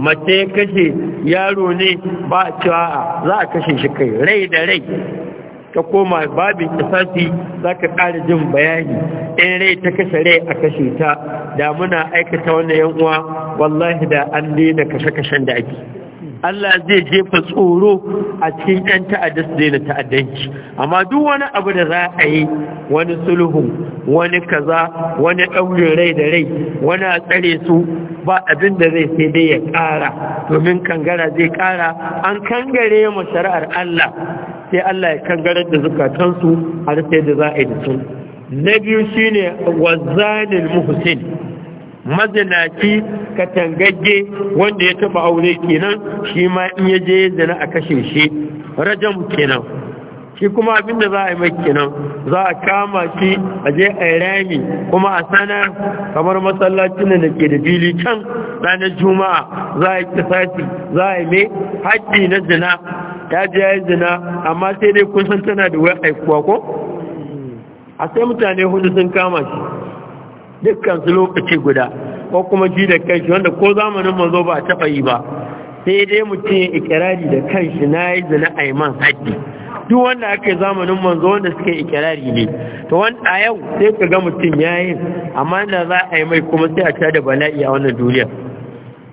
mace ya kashe yaro ne ba a cewa za a kashe shi kai rai da rai ka koma babin kisasi za ka ƙara jin bayani in rai ta kashe rai a kashe ta da muna aikata wannan yan uwa wallahi da an daina kashe-kashen da ake Allah zai jefa tsoro a cikin 'yan ta'adda su daina ta'addanci amma duk wani abu da za a yi wani sulhu wani kaza wani ɗaurin rai da rai wani a tsare su ba abin da zai sai dai ya ƙara domin kangara zai ƙara an kangare ma shari'ar Allah sai Allah ya kangarar da zukatansu har sai da za a yi da su na biyu shine wazanil muhsin mazinaci katangagge wanda ya taba aure kenan shi ma in ya je zina a kashe shi rajam kenan shi kuma abinda da za a yi mai kenan za a kama shi a je a yi rami kuma a sanar kamar masallacin da ke da fili can ranar juma'a za a yi kisasi za a yi mai haƙƙi na zina ya je ya yi zina amma sai dai kun san tana da wai aikuwa ko a sai mutane hudu sun kama shi dukkan lokaci guda ko kuma ji da kanshi wanda ko zamanin manzo ba a taɓa yi ba sai dai mutum ya ikirari da kanshi na yi zina aiman haƙƙi duk wanda aka yi zamanin manzo wanda suka yi ikirari ne to a yau sai ka ga mutum ya yi amma da za a yi mai kuma sai a ta da bala'i a wannan duniya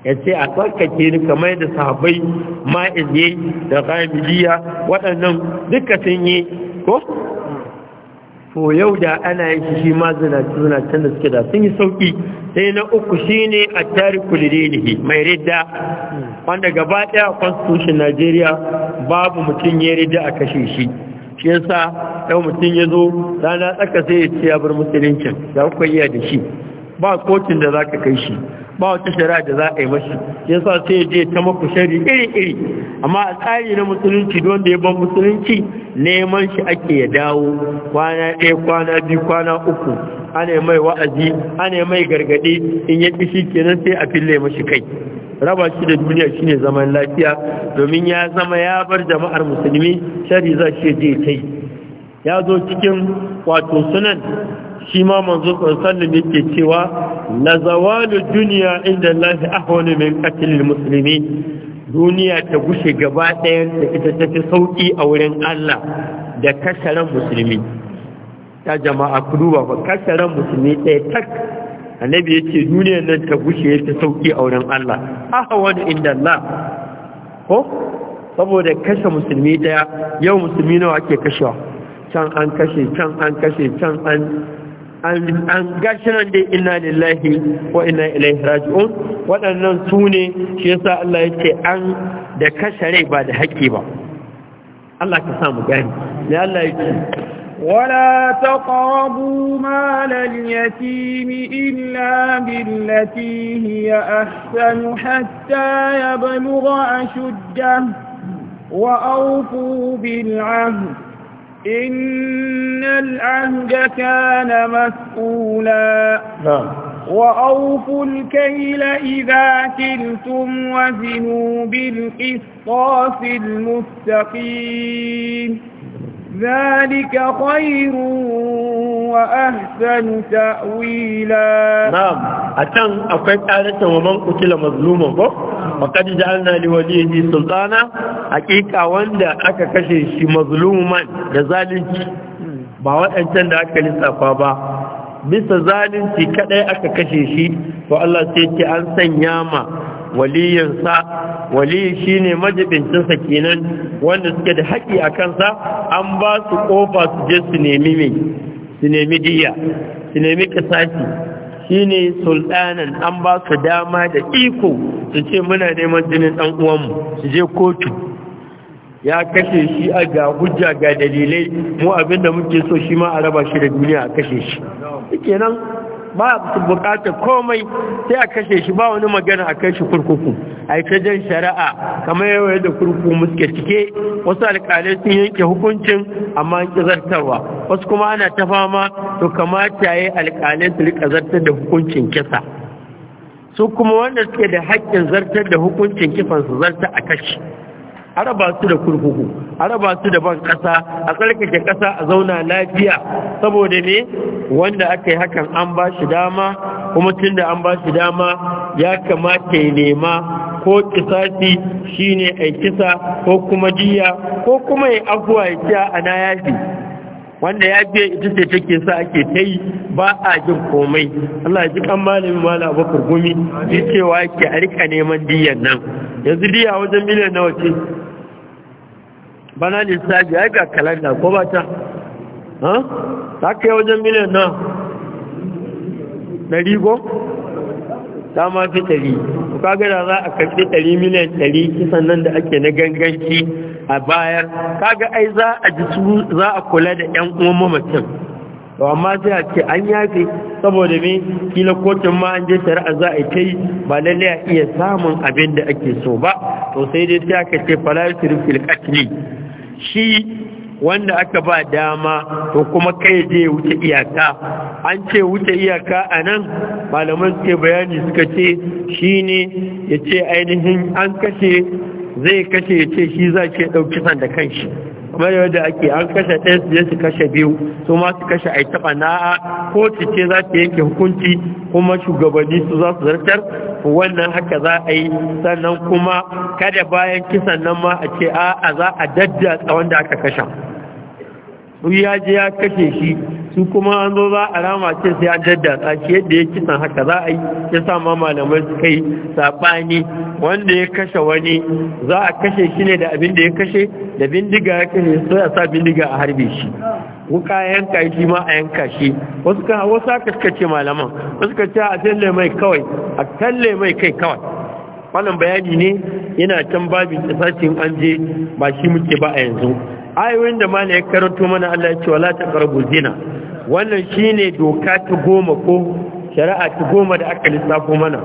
ya ce a tsarkake ni kamar da sahabbai ma'iz da ƙamidiya waɗannan duka sun yi ko Ko yau da ana yi shi shi ma zinacin da suke da sun yi sauƙi sai na uku shi ne a tariku ne, mai ridda wanda gaba ɗaya a constitution najeriya babu mutum ya ridda a kashe shi shi yasa yau mutum ya zo rana tsaka sai ya ce ya bar musuluncin da kuka iya da shi ba kotun da za ka kai shi ba wata shari'a da za a yi mashi ya yasa sai je ta maku shari iri-iri amma a tsari na musulunci don da ya ban musulunci neman shi ake ya dawo kwana ɗaya kwana biyu kwana uku ana mai wa'azi ana mai gargaɗi in ya ƙi shi kenan sai a fille mashi kai raba shi da duniya shine zaman lafiya domin ya zama ya bar jama'ar musulmi shari za shi je ta yi ya zo cikin wato sunan shi ma manzo sallallahu yake cewa la zawalu dunya inda Allah ahwanu min al muslimin duniya ta gushe gaba ɗaya da ita ta fi sauki a wurin Allah da kasharan musulmi ta jama'a ku duba ba kasharan musulmi ɗaya tak annabi ce duniyar nan ta gushe ta sauki a wurin Allah ahwanu inda Allah ko saboda kashe musulmi ɗaya yau musulmi nawa ake kashewa can an kashe can an kashe can an an gashi nan dai inna lillahi wa inna ilaihi raji'un waɗannan su ne shi yasa Allah ya ce an da kashare ba da haƙƙi ba Allah ka samu gani ne Allah ya ce ولا تقربوا مال اليتيم إلا بالتي هي أحسن حتى wa أشده وأوفوا بالعهد إن العهد كان مسؤولا نعم وأوفوا الكيل إذا كلتم وزنوا بالقصاص المستقيم ذلك خير وأحسن تأويلا نعم أتن أفكت آلة ومن قتل مظلوما faqad da li walihi sultana hakika wanda aka kashe shi mazluman da zalunci ba waɗancan da aka lissafa ba bisa zalunci kadai aka kashe shi to Allah sai ce an sanya ma waliyinsa waliyi shine majibincinsa kenan wanda suke da haƙi a kansa an ba su ƙofa su je su nemi mai su nemi diya su nemi shine sultanan an ba su dama da iko su ce muna neman jinin dan uwanmu su je kotu ya kashe shi a ga hujja ga dalilai mu abinda muke so shi ma a raba shi da duniya a kashe shi kenan ba su bukatar komai sai a kashe shi ba wani magana a kai shi kurkuku a yi shari'a kamar yawai da kurkuku muske cike wasu alƙalai sun yanke hukuncin amma an ƙi zartarwa wasu kuma ana ta fama to kamata ya yi alƙalai su riƙa zartar da hukuncin kisa su kuma wanda suke da haƙƙin zartar da hukuncin kifansu zarta a kashi a raba su da kurkuku a raba su da ban kasa a tsarkake kasa a zauna lafiya saboda ne wanda aka yi hakan an ba shi dama kuma tun da an ba shi dama ya kamata ya nema ko kisasi shine aikisa ko kuma jiya, ko kuma ya afuwa ya a ana yafi wanda ya biya ita ce take sa ake ta yi ba a jin komai Allah ya ji kan malamin mala abokar gumi ya cewa ke a rika neman diyan nan yanzu diya wajen miliyan nawa ce bana lissafi ya ga kalanda ko ba ta ha ta kai wajen miliyan nawa dari ko ta ma fi ko ka gada za a karɓi ɗari miliyan ɗari kisan nan da ake na ganganci a bayar kaga ai za a ji su za a kula da ƴan uwan mamacin to amma sai a ce an yafe saboda me kila kotun ma an je shari'a za a kai ba lalle a iya samun abin da ake so ba to sai dai sai aka ce falasir fil qatli shi wanda aka ba dama to kuma kai je wuce iyaka an ce wuce iyaka anan? nan malaman suke bayani suka ce shine yace ainihin an kashe zai kashe ya ce shi za ce ɗauki san da kanshi kamar yadda ake an kashe ɗaya su je su kashe biyu su ma su kashe a taɓa na'a ko su ce za ta yanke hukunci kuma shugabanni su za su zartar wannan haka za a yi sannan kuma kada bayan kisan nan ma a ce a za a daddatsa wanda aka kashe ya je ya kashe shi su kuma an zo za a rama ce sai an daddatsa shi yadda ya kisan haka za a yi ya sa ma malamai su kai saɓani wanda ya kashe wani za a kashe shi ne da abin da ya kashe da bindiga ya kashe sai a sa bindiga a harbe shi wuka yanka shi ma a yanka shi wasu ka wasu aka suka ce malaman wasu ka ce a talle mai kawai a talle mai kai kawai wannan bayani ne yana can babin kisashin an je ba shi muke ba a yanzu ayoyin da mala ya karanto mana Allah ya ce wala ta taqrabu zina wannan shine doka ta goma ko shari'a ta goma da aka lissafo mana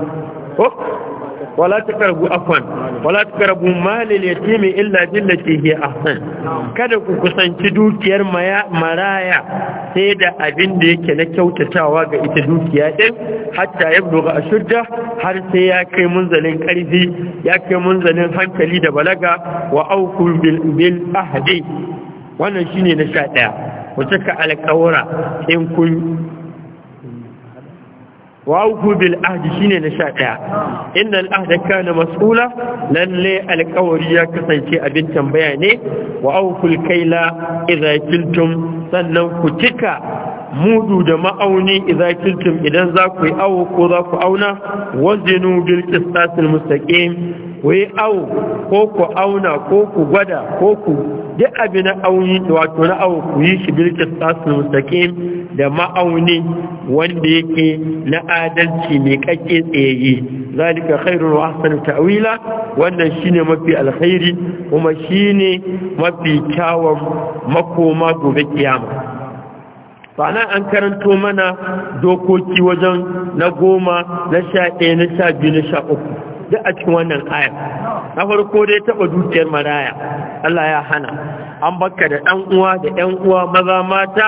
wala تقربوا عفوا wala تقربوا مال اليتيم illa بالتي هي احسن kada ku kusanci dukiyar maraya sai da abin da yake na kyautatawa ga ita dukiya din hatta ga ashudda har sai ya kai munzalin karfi ya kai munzalin hankali da balaga wa auku bil ahdi wannan shine na 11 ku cika alƙawara in kun wa bil ahdi shine na sha ɗaya innal al ahda kana mas'ula lalle alƙawari ya kasance abin tambaya ne wa auku idza kiltum sannan ku cika mudu da ma'auni idza kiltum idan za ku yi awo ko za ku auna wazinu bil qistasil mustaqim ku yi awo ko ku auna ko ku gwada ko ku duk abin na auni wato na awo ku yi shi bil qistasil mustaqim da ma'auni wanda yake na adalci mai kakke tsayayye zalika khairun wa ahsanu ta'wila wannan shine mafi alkhairi kuma shine mafi kyawun makoma gobe kiyama fana an karanto mana dokoki wajen na goma na sha ɗaya na sha biyu na sha uku duk a cikin wannan aya na farko dai taɓa dukiyar maraya Allah ya hana an baka da ɗan uwa da ɗan uwa maza mata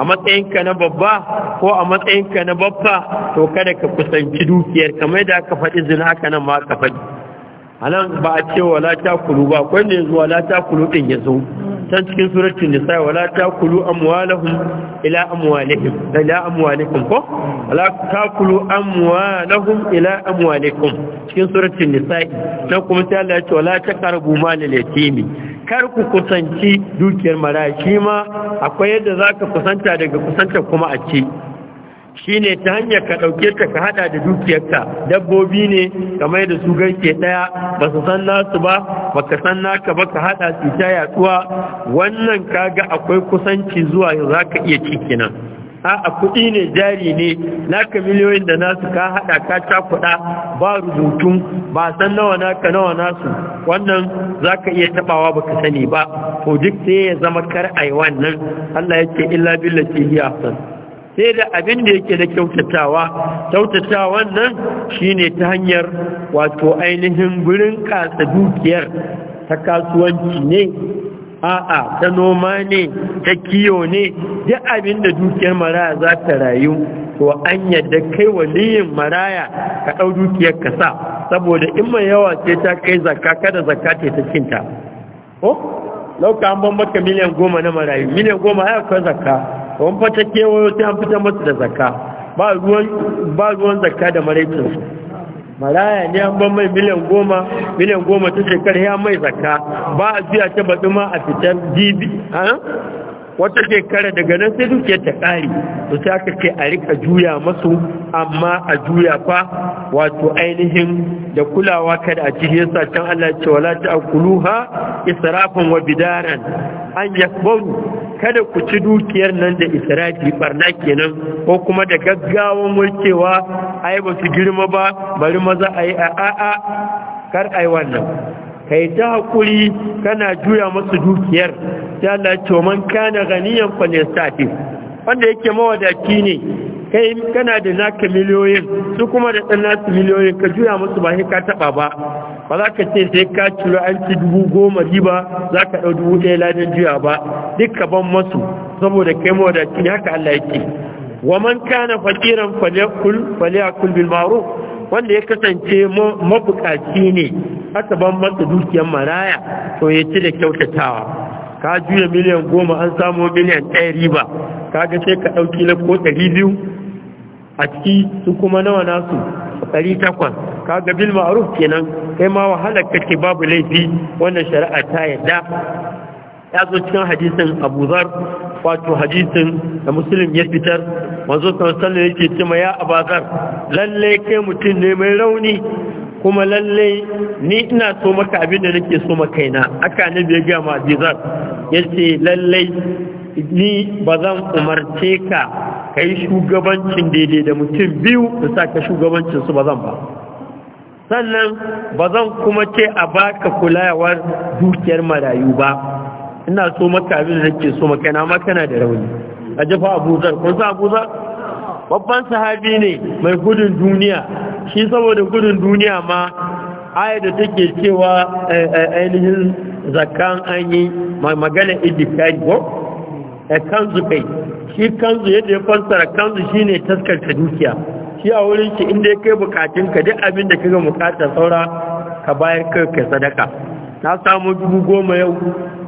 a matsayinka na babba ko a matsayinka na babba to kada ka kusanci dukiyar kamar da ka faɗi zina haka nan ma ka faɗi a nan ba a ce wala ta kulu ba akwai ne zuwa la ta kulu ɗin ya zo can cikin suratun nisa wala ta kulu amwalahum ila amwalihim ila amwalikum ko wala ta kulu amwalahum ila amwalikum cikin suratun nisa na kuma sai Allah ce wala ta karbu malil yatimi kar ku kusanci dukiyar marashi ma akwai yadda zaka kusanta daga kusanta kuma a ce Shi ne ta hanyar ka ɗauke ta ka haɗa da dukiyarka dabbobi ne kamar da su ganke ɗaya ba su san nasu ba ba ka san naka ba ka haɗa su ta yatsuwa wannan kaga akwai kusanci zuwa yau za ka iya ciki nan a kuɗi ne jari ne naka miliyoyin da nasu ka haɗa ka cakuɗa ba rubutun ba san nawa naka nawa nasu wannan za ka iya taɓawa ba ka sani ba to duk sai ya zama kar yi wannan Allah ya ce illa billati hiya ahsan sai da abin da yake da kyautatawa kyautatawan nan shine ta hanyar wato ainihin gurin katsa dukiyar ta kasuwanci ne a'a ta noma ne ta kiyo ne duk abin da dukiyar maraya za ta rayu to an yadda kai waliyin maraya ka ɗau dukiyar ka sa saboda in mai yawa ce ta kai zakka kada zakka ce ta cinta ko oh, lauka an ban miliyan goma na marayu miliyan goma ya akwai zakka wani fata kewayo an fita masu da zaka ba ruwan zakka da maraicinsu maraya ne an ban mai miliyan goma miliyan goma ta shekar ya mai zakka ba a biya ta baɗi ma a fitar dibi wata shekara daga nan sai dukiyar ta ƙari to sai aka ce a rika juya masu amma a juya fa wato ainihin da kulawa kada a ci yasa can Allah ce wala akuluha israfan wa bidaran an yakbaru kada ku ci dukiyar nan da israfi barna kenan ko kuma da gaggawan mulkewa ai ba su girma ba bari maza ai a'a kar ai wannan Ka yi ta hakuri kana juya masu dukiyar ta Allah ce man kana ganiyan falestati wanda yake mawadaci ne kai kana da naka miliyoyin su kuma da ɗan nasu miliyoyin ka juya musu ba ka taɓa ba ba za ka ce sai ka ciro an ci dubu goma riba za ka ɗau dubu ɗaya ladan juya ba duk ban masu saboda kai mawadaci ne haka Allah yake wa man kana fakiran falyakul falyakul bil ma'ruf wanda ya kasance mabukaci ne aka ban masa dukiyar maraya to ya ci da kyautatawa ka juya miliyan goma an samu miliyan ɗaya riba Ka ga sai ka ɗauki na ko ɗari biyu a ciki su kuma nawa nasu ɗari takwas ka kaga bil ma'aruf kenan kai ma wahalar kake babu laifi wannan shari'a ta yadda ya zo cikin hadisin Abu Zar wato hadisin da musulun ya fitar kan sallallahu ya yake cima ya Abu Zar lalle kai mutum ne mai rauni kuma lalle ni ina so maka abin da nake so maka na, aka ne bai gaya ma Abu Zar ce lalle ni ba zan umarce ka ka yi shugabancin daidai da mutum biyu da sa ka shugabancin su ba zan ba sannan ba zan kuma ce a baka kulayawar dukiyar marayu ba ina so maka abin da nake so maka na ma kana da rauni a jafa abuzar. kun sa babban sahabi ne mai gudun duniya shi saboda gudun duniya ma aya da take cewa eh, eh, ainihin zakan an yi magana idikari ko a eh, kanzu kai shi kanzu yadda ya fansara kanzu shi ne taskarta dukiya shi a wurin shi inda ya kai ka duk abin da kaga bukatar saura ka bayar kai sadaka na samu dubu goma yau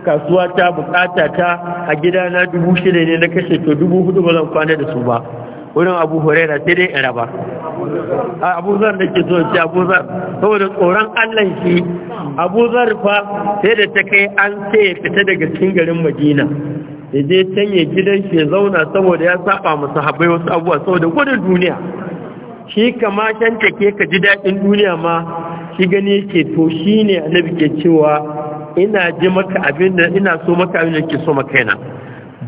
kasuwa ta bukata ta a gidana dubu shida ne na kashe to dubu hudu ba zan kwana da su ba wurin abu huraira sai dai in raba a abuzar da ke zoci abuzar saboda tsoron Allah shi abuzar fa sai da ta kai an ce ya fita daga cikin garin madina ya je can ya gidan shi ya zauna saboda ya saba masu habai wasu abubuwa saboda gudun duniya shi kama can take ka ji daɗin duniya ma shi gani ke to shi ne annabi ke cewa ina ji maka abin da ina so maka abin da ke so maka yana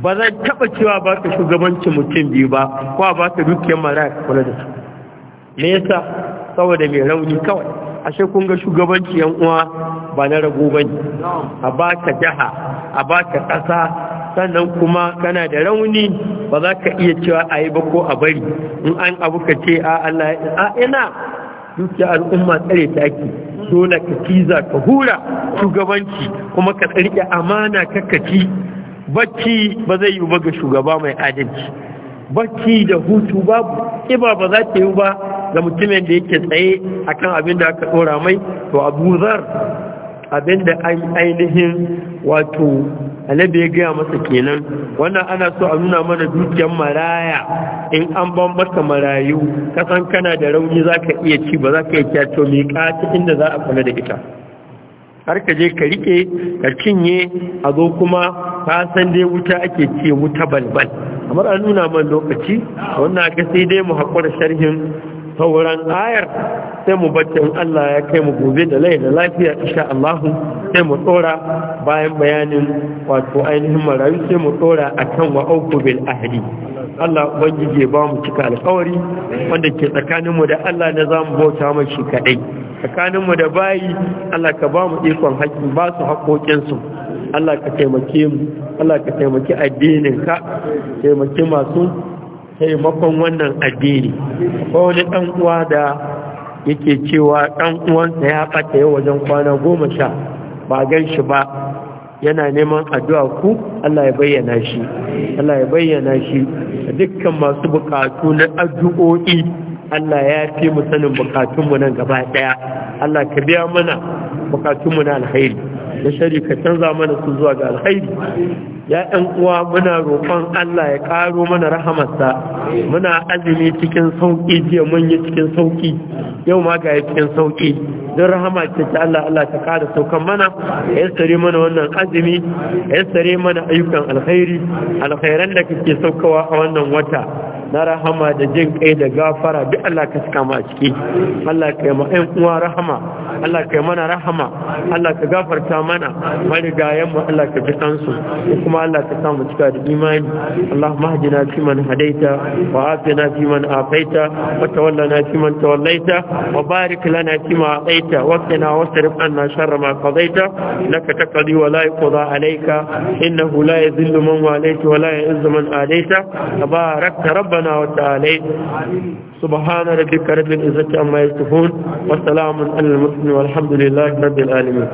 ba zan taba cewa ba ka shugabancin mutum biyu ba ko ba ka dukiyar mara ka kula da su me yasa saboda mai rauni kawai ashe kun ga shugabanci yan uwa ba na rago ne? a ba ka jaha a ba ka ƙasa sannan kuma kana da rauni ba za ka iya cewa a yi ba ko a bari in an abu ka ce a Allah ya ina dukiya al'umma tsare ta ake dole ka kiza ka hura shugabanci kuma ka tsarki amana kakaci bacci ba zai yi ba ga shugaba mai adalci bacci da hutu babu kiba ba za ta yi ba ga mutumin da yake tsaye akan abin da aka ɗora mai to abu zar abin da ainihin wato annabi ya gaya masa kenan wannan ana so a nuna mana dukiyar maraya in an bambata marayu. marayu kasan kana da rauni za ka iya ci ba za ka iya kyato mai ƙati inda za a kula da ita har ka je ka rike ka cinye a zo kuma ka san dai wuta ake ce wuta balbal kamar an nuna man lokaci wannan ka sai dai mu haƙura sharhin sauran ayar sai mu baccin Allah ya kai mu gobe da lai da lafiya insha Allah sai mu tsora bayan bayanin wato ainihin marayu sai mu tsora akan wa auku bil ahdi Allah ya ba mu cika alƙawari wanda ke tsakanin mu da Allah na zamu bauta mashi kadai tsakanin mu da bayi Allah ka ba mu ikon haƙƙi ba su haƙoƙin su Allah ka taimake mu Allah ka taimaki addinin ka taimaki masu taimakon wannan addini ko wani ɗan uwa da yake cewa ɗan uwansa ya ɓata yau wajen kwana goma sha ba gan shi ba yana neman addu'a ku Allah ya bayyana shi Allah ya bayyana shi dukkan masu bukatu na addu'o'i Allah ya fi mu sanin bukatunmu nan gaba ɗaya Allah ka biya mana bukatunmu na alheri da shari ka canza mana su zuwa ga alkhairi ya ɗan uwa muna roƙon Allah ya ƙaro mana rahamarsa muna azumi cikin sauƙi jiya mun yi cikin sauƙi yau ma ga cikin sauƙi don rahama ce ta Allah Allah ta ƙara saukan mana ya tsare mana wannan azumi ya tsare mana ayyukan alkhairi alkhairan da kake saukawa a wannan wata na rahama da jin kai da gafara duk Allah ka saka mu a ciki Allah ka yi ma ƴan uwa rahama Allah ka yi mana rahama Allah ka gafarta mana marigayen mu Allah ka ji kansu kuma Allah ka sa mu cika da imani Allahumma hadina fi man hadaita wa afina fi man afaita wa tawallana fi man tawallaita wa barik lana fi ma ataita wa qina wasrif anna sharra ma qadaita laka taqdi wa la yuqda alayka innahu la yadhillu man walayta wa la yu'izzu man adaita tabarakta rabbana سبحانه وتعالى سبحان ربك رب العزة عما يصفون وسلام على المسلمين والحمد لله رب العالمين